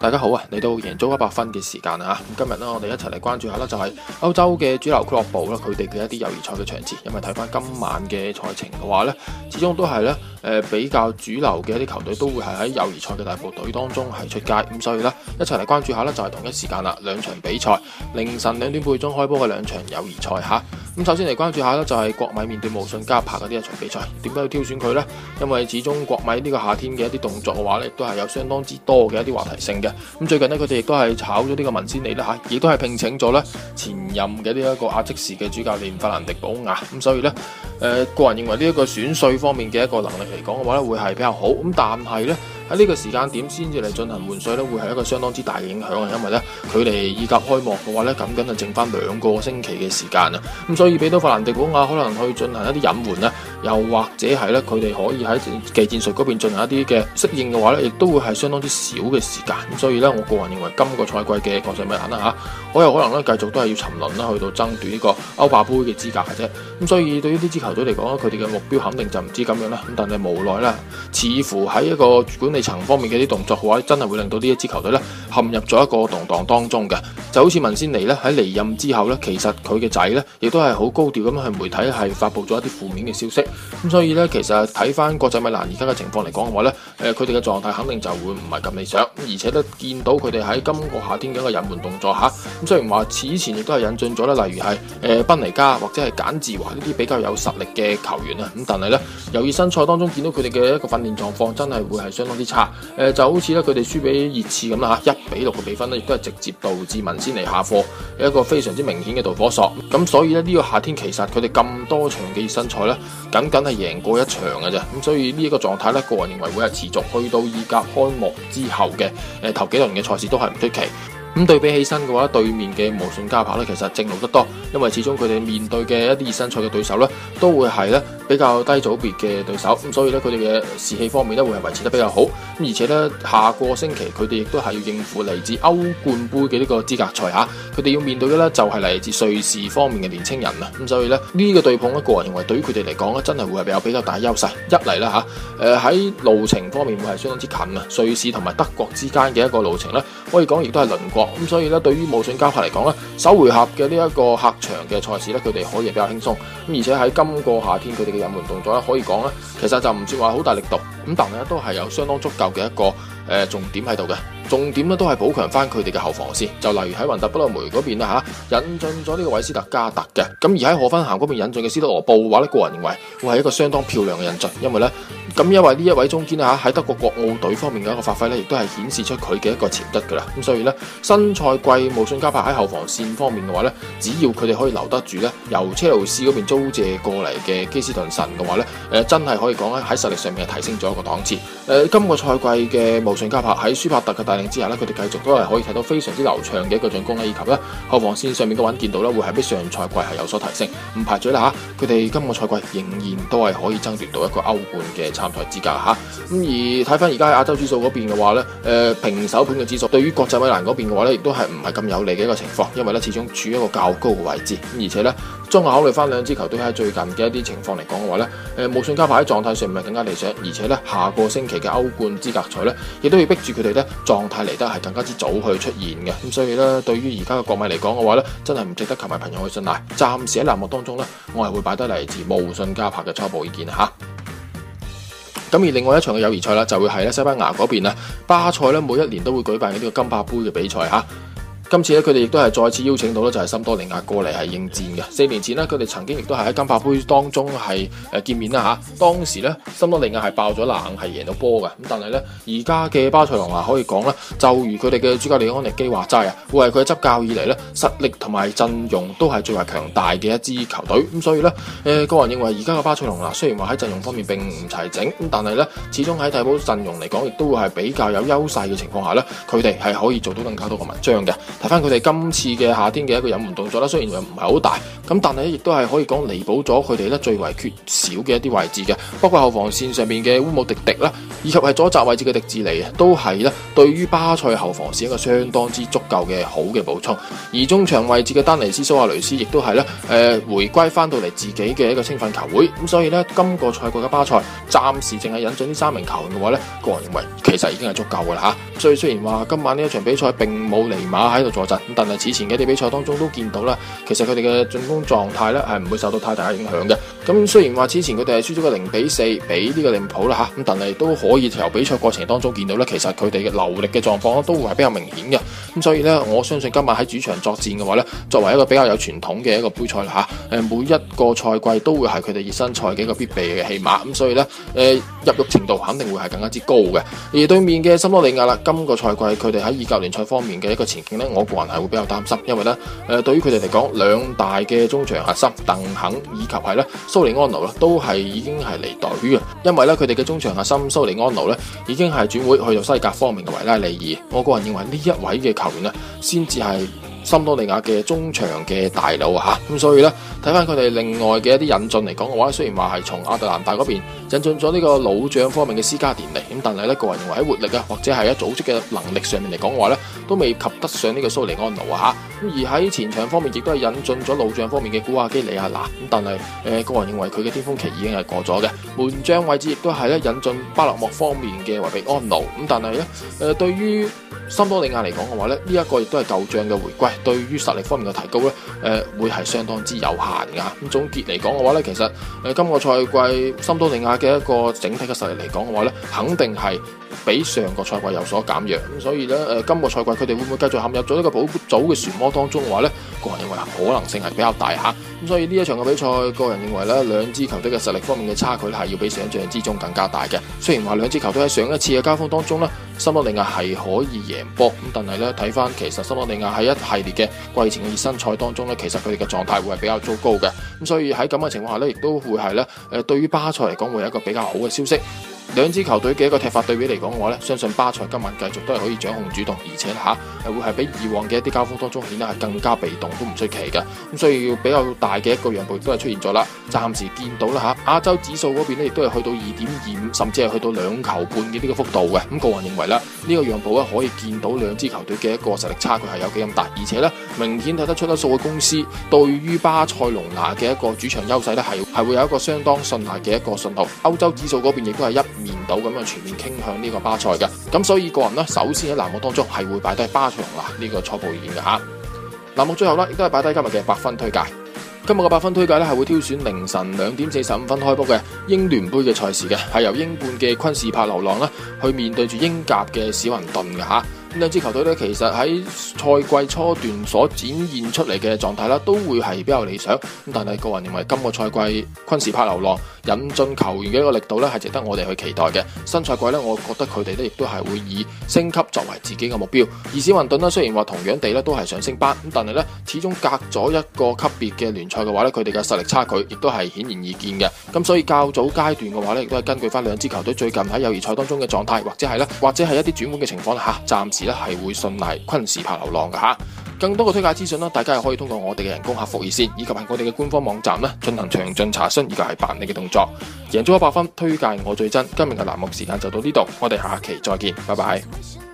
大家好啊！嚟到贏足一百分嘅時間啦啊！咁今日呢，我哋一齊嚟關注下呢，就係歐洲嘅主流俱樂部啦，佢哋嘅一啲友誼賽嘅場次。因為睇翻今晚嘅賽程嘅話呢，始終都係呢誒比較主流嘅一啲球隊都會係喺友誼賽嘅大部隊當中係出街。咁所以呢，一齊嚟關注下呢，就係同一時間啦，兩場比賽凌晨兩點半鐘開波嘅兩場友誼賽吓。咁首先嚟關注下咧，就係、是、國米面對無信加柏嗰啲一場比賽，點解要挑選佢呢？因為始終國米呢個夏天嘅一啲動作嘅話咧，都係有相當之多嘅一啲話題性嘅。咁最近呢，佢哋亦都係炒咗呢個文仙尼咧嚇，亦都係聘請咗咧前任嘅呢一個阿積士嘅主教練法蘭迪保亞。咁所以呢，誒、呃、個人認為呢一個選帥方面嘅一個能力嚟講嘅話咧，會係比較好。咁但係呢。喺呢個時間點先至嚟進行換帥，咧，會係一個相當之大嘅影響啊！因為咧，佢哋意甲開幕嘅話咧，僅僅係剩翻兩個星期嘅時間啊，咁所以俾到法蘭迪古亞可能去進行一啲隱換咧，又或者係咧佢哋可以喺技戰術嗰邊進行一啲嘅適應嘅話咧，亦都會係相當之少嘅時間。咁所以咧，我個人認為今個賽季嘅國際米蘭啦嚇，好、啊、有可能咧繼續都係要沉淪啦，去到爭奪呢個歐霸杯嘅資格嘅啫。咁所以對於呢支球隊嚟講咧，佢哋嘅目標肯定就唔止咁樣啦。咁但係無奈啦，似乎喺一個管理。層方面嘅啲動作嘅話，真係會令到呢一支球隊咧陷入咗一個動盪當中嘅。就好似文仙尼咧喺離任之後咧，其實佢嘅仔咧亦都係好高調咁去媒體係發布咗一啲負面嘅消息，咁所以咧，其實睇翻國際米蘭而家嘅情況嚟講嘅話咧，誒佢哋嘅狀態肯定就會唔係咁理想，而且咧見到佢哋喺今個夏天嘅一個引援動作吓，咁、啊、雖然話此前亦都係引進咗咧，例如係誒賓尼加或者係簡志華呢啲比較有實力嘅球員啊，咁但係咧由於新賽當中見到佢哋嘅一個訓練狀況真係會係相當之差，誒、啊、就好似咧佢哋輸俾熱刺咁啦吓。比六嘅比分咧，亦都係直接導致文先嚟下課，有一個非常之明顯嘅導火索。咁所以咧，呢個夏天其實佢哋咁多場嘅熱身賽咧，僅僅係贏過一場嘅啫。咁所以呢一個狀態咧，個人認為會係持續去到而家開幕之後嘅誒頭幾輪嘅賽事都係唔出奇。咁對比起身嘅話，對面嘅慕遜加柏咧，其實正路得多，因為始終佢哋面對嘅一啲熱身賽嘅對手咧，都會係咧比較低組別嘅對手，咁所以咧佢哋嘅士氣方面咧，會係維持得比較好。咁而且咧，下個星期佢哋亦都係要應付嚟自歐冠杯嘅呢個資格賽嚇，佢哋要面對嘅咧就係嚟自瑞士方面嘅年輕人啊。咁所以咧，呢個對碰，個人認為對於佢哋嚟講咧，真係會係比較比較大優勢。一嚟啦嚇，誒喺路程方面會係相當之近啊，瑞士同埋德國之間嘅一個路程咧，可以講亦都係鄰國。咁所以咧，對於無線交拍嚟講咧，首回合嘅呢一個客場嘅賽事咧，佢哋可以比較輕鬆。咁而且喺今個夏天佢哋嘅引援動作咧，可以講咧，其實就唔算話好大力度。咁但係咧，都係有相當足夠嘅一個誒、呃、重點喺度嘅。重點咧都係補強翻佢哋嘅後防先，就例如喺雲達不萊梅嗰邊啦嚇、啊，引進咗呢個韋斯特加特嘅。咁而喺荷芬行嗰邊引進嘅斯特羅布嘅話咧，個人認為會係一個相當漂亮嘅引進，因為咧咁因為呢一位中堅啊喺德國國奧隊方面嘅一個發揮咧，亦都係顯示出佢嘅一個潛質噶啦。咁所以呢，新賽季慕遜加柏喺後防線方面嘅話咧，只要佢哋可以留得住咧，由車路士嗰邊租借過嚟嘅基斯頓神嘅話咧，誒、呃、真係可以講咧喺實力上面提升咗一個檔次。誒、呃、今個賽季嘅慕遜加柏喺舒帕特嘅第之下咧，佢哋繼續都係可以睇到非常之流暢嘅一個進攻，以及咧後防線上面嘅穩健度咧會係比上賽季係有所提升，唔排除啦吓，佢哋今個賽季仍然都係可以爭奪到一個歐冠嘅參賽資格吓。咁、嗯、而睇翻而家亞洲指數嗰邊嘅話咧，誒、呃、平手盤嘅指數對於國際米蘭嗰邊嘅話咧，亦都係唔係咁有利嘅一個情況，因為咧始終處於一個較高嘅位置，而且咧。綜合考慮翻兩支球隊喺最近嘅一啲情況嚟講嘅話咧，誒，穆遜加柏喺狀態上唔係更加理想，而且咧下個星期嘅歐冠資格賽咧，亦都要逼住佢哋咧狀態嚟得係更加之早去出現嘅。咁所以咧，對於而家嘅國米嚟講嘅話咧，真係唔值得球迷朋友去信賴。暫時喺欄目當中咧，我係會擺低嚟自穆遜加柏嘅初步意見吓。咁而另外一場嘅友誼賽啦，就會係咧西班牙嗰邊啊，巴塞咧每一年都會舉辦呢個甘伯杯嘅比賽吓。今次咧，佢哋亦都係再次邀請到咧，就係森多利亞過嚟係應戰嘅。四年前咧，佢哋曾經亦都係喺甘伯杯當中係誒見面啦嚇。當時咧，森多利亞係爆咗冷，係贏到波嘅。咁但係咧，而家嘅巴塞隆拿可以講咧，就如佢哋嘅主教練安尼基話齋啊，會係佢執教以嚟咧實力同埋陣容都係最為強大嘅一支球隊。咁所以咧，誒個人認為而家嘅巴塞隆拿雖然話喺陣容方面並唔齊整，咁但係咧，始終喺替補陣容嚟講，亦都係比較有優勢嘅情況下咧，佢哋係可以做到更加多嘅文章嘅。睇返佢哋今次嘅夏天嘅一個引援動作啦，雖然又唔係好大。咁但係咧，亦都係可以講彌補咗佢哋咧最為缺少嘅一啲位置嘅。包括後防線上面嘅烏姆迪迪啦，以及係左閘位置嘅迪智尼啊，都係咧對於巴塞後防線一個相當之足夠嘅好嘅補充。而中場位置嘅丹尼斯蘇亞雷斯亦都係咧，誒回歸翻到嚟自己嘅一個青訓球會，咁所以咧，今個賽季嘅巴塞暫時淨係引進呢三名球員嘅話咧，個人認為其實已經係足夠嘅啦嚇。所以雖然話今晚呢一場比賽並冇尼馬喺度助陣，咁但係此前嘅一啲比賽當中都見到啦，其實佢哋嘅進攻。狀態咧係唔會受到太大嘅影響嘅，咁雖然話之前佢哋係輸咗個零比四俾呢個利物浦啦吓，咁但係都可以由比賽過程當中見到咧，其實佢哋嘅流力嘅狀況咧都會係比較明顯嘅。所以咧，我相信今晚喺主場作戰嘅話咧，作為一個比較有傳統嘅一個杯賽啦吓，誒每一個賽季都會係佢哋熱身賽嘅一個必備嘅戲碼，咁所以咧，誒、呃、入獄程度肯定會係更加之高嘅。而對面嘅森多利亞啦，今、這個賽季佢哋喺意甲聯賽方面嘅一個前景咧，我個人係會比較擔心，因為咧誒對於佢哋嚟講兩大嘅中場核心鄧肯以及係咧蘇利安奴啦，都係已經係離隊啊。因為咧佢哋嘅中場核心蘇利安奴咧，已經係轉會去到西甲方面嘅維拉利爾。我個人認為呢一位嘅球先至係森多利亞嘅中場嘅大佬吓，咁所以咧，睇翻佢哋另外嘅一啲引進嚟講嘅話，雖然話係從亞特蘭大嗰邊。引進咗呢個老將方面嘅私家電力咁但係咧個人認為喺活力啊或者係喺組織嘅能力上面嚟講話咧，都未及得上呢個蘇利安奴啊吓，咁而喺前場方面亦都係引進咗老將方面嘅古阿基里亞啊嗱，咁但係誒、呃、個人認為佢嘅巔峰期已經係過咗嘅。門將位置亦都係咧引進巴勒莫方面嘅維比安奴，咁、啊、但係咧誒對於森多利亞嚟講嘅話咧，呢一、這個亦都係舊將嘅回歸，對於實力方面嘅提高咧誒、呃、會係相當之有限噶，咁、啊、總結嚟講嘅話咧，其實誒、呃、今個賽季森多利亞嘅一個整體嘅實力嚟講嘅話咧，肯定係比上個賽季有所減弱，咁所以咧誒、呃、今個賽季佢哋會唔會繼續陷入咗呢個保組嘅漩渦當中嘅話咧？個人認為可能性係比較大嚇，咁所以呢一場嘅比賽，個人認為咧，兩支球隊嘅實力方面嘅差距咧，係要比想象之中更加大嘅。雖然話兩支球隊喺上一次嘅交鋒當中咧。森多利亞係可以贏波，咁但係咧，睇返，其實森多利亞喺一系列嘅季前嘅熱身賽當中咧，其實佢哋嘅狀態會係比較糟糕嘅，咁所以喺咁嘅情況下咧，亦都會係咧，誒對於巴塞嚟講會有一個比較好嘅消息。兩支球隊嘅一個踢法對比嚟講嘅話咧，我相信巴塞今晚繼續都係可以掌控主動，而且吓係會係比以往嘅一啲交鋒當中顯得係更加被動，都唔出奇嘅。咁所以要比較大嘅一個讓步亦都係出現咗啦。暫時見到啦吓，亞洲指數嗰邊咧亦都係去到二點二五，甚至係去到兩球半嘅呢個幅度嘅。咁個人認為啦，呢個讓步咧可以見到兩支球隊嘅一個實力差距係有幾咁大，而且咧。明顯睇得出多數嘅公司對於巴塞隆拿嘅一個主場優勢咧，係係會有一個相當信賴嘅一個信號。歐洲指數嗰邊亦都係一面倒咁樣全面傾向呢個巴塞嘅。咁所以個人呢，首先喺欄目當中係會擺低巴塞隆拿呢個初步意見嘅吓。欄目最後呢，亦都係擺低今日嘅八分推介。今日嘅八分推介呢，係會挑選凌晨兩點四十五分開波嘅英聯杯嘅賽事嘅，係由英冠嘅昆士帕流浪呢，去面對住英甲嘅史雲頓嘅吓。兩支球隊咧，其實喺賽季初段所展現出嚟嘅狀態啦，都會係比較理想。咁但係個人認為，今個賽季昆士柏流浪引進球員嘅一個力度咧，係值得我哋去期待嘅。新賽季咧，我覺得佢哋咧亦都係會以升級作為自己嘅目標。而史雲頓咧，雖然話同樣地咧都係上升班，咁但係咧始終隔咗一個級別嘅聯賽嘅話咧，佢哋嘅實力差距亦都係顯而易見嘅。咁所以較早階段嘅話咧，亦都係根據翻兩支球隊最近喺友誼賽當中嘅狀態，或者係咧，或者係一啲轉換嘅情況吓，暫時。咧係會信賴昆士柏流浪嘅吓、啊，更多嘅推介資訊咧，大家係可以通過我哋嘅人工客服熱線，以及係我哋嘅官方網站咧，進行詳盡查詢，以及係辦理嘅動作，贏足一百分，推介我最真，今日嘅欄目時間就到呢度，我哋下期再見，拜拜。